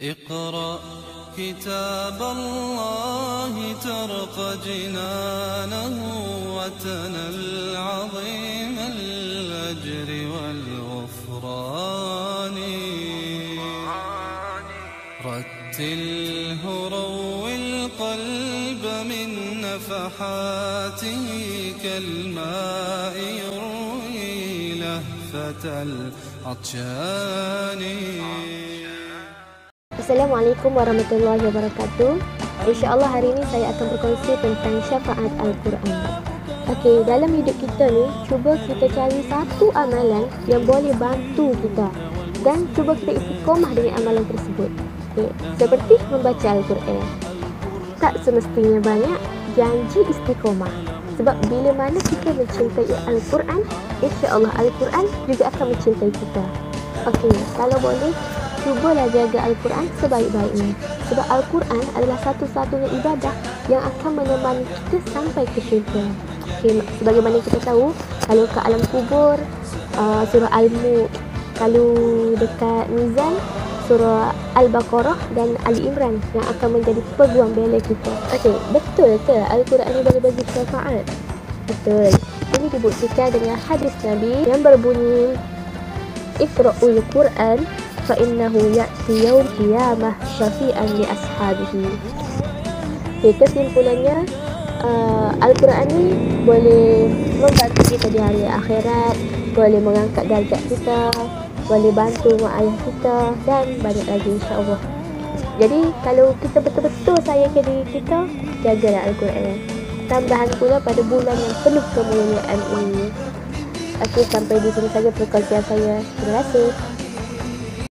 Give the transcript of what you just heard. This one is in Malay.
اقرأ كتاب الله ترق جنانه وتنى العظيم الأجر والغفران رتله روي القلب من نفحاته كالماء يروي لهفة العطشان Assalamualaikum warahmatullahi wabarakatuh. Insya-Allah hari ini saya akan berkongsi tentang syafaat Al-Quran. Okey, dalam hidup kita ni, cuba kita cari satu amalan yang boleh bantu kita dan cuba kita istiqomah dengan amalan tersebut. Okay. Seperti membaca Al-Quran. Tak semestinya banyak janji istiqomah. Sebab bila mana kita mencintai Al-Quran, insya-Allah Al-Quran juga akan mencintai kita. Okey, kalau boleh cubalah jaga Al-Quran sebaik-baiknya. Sebab Al-Quran adalah satu-satunya ibadah yang akan menemani kita sampai ke syurga. Okay, sebagaimana kita tahu, kalau ke alam kubur, uh, surah Al-Mu'ud, kalau dekat Mizan, surah Al-Baqarah dan Ali Imran yang akan menjadi peguam bela kita. Okey, betul ke Al-Quran ini boleh bagi syafaat? Betul. Ini dibuktikan dengan hadis Nabi yang berbunyi Iqra'ul Quran فإنه يأتي يوم قيامة شفيئا لأصحابه Okay, kesimpulannya uh, Al-Quran ni boleh membantu kita di hari akhirat Boleh mengangkat darjat kita Boleh bantu mak ayah kita Dan banyak lagi insyaAllah Jadi kalau kita betul-betul sayangkan diri kita Jagalah Al-Quran Tambahan pula pada bulan yang penuh kemuliaan ini Okay, sampai di sini saja perkongsian saya Terima kasih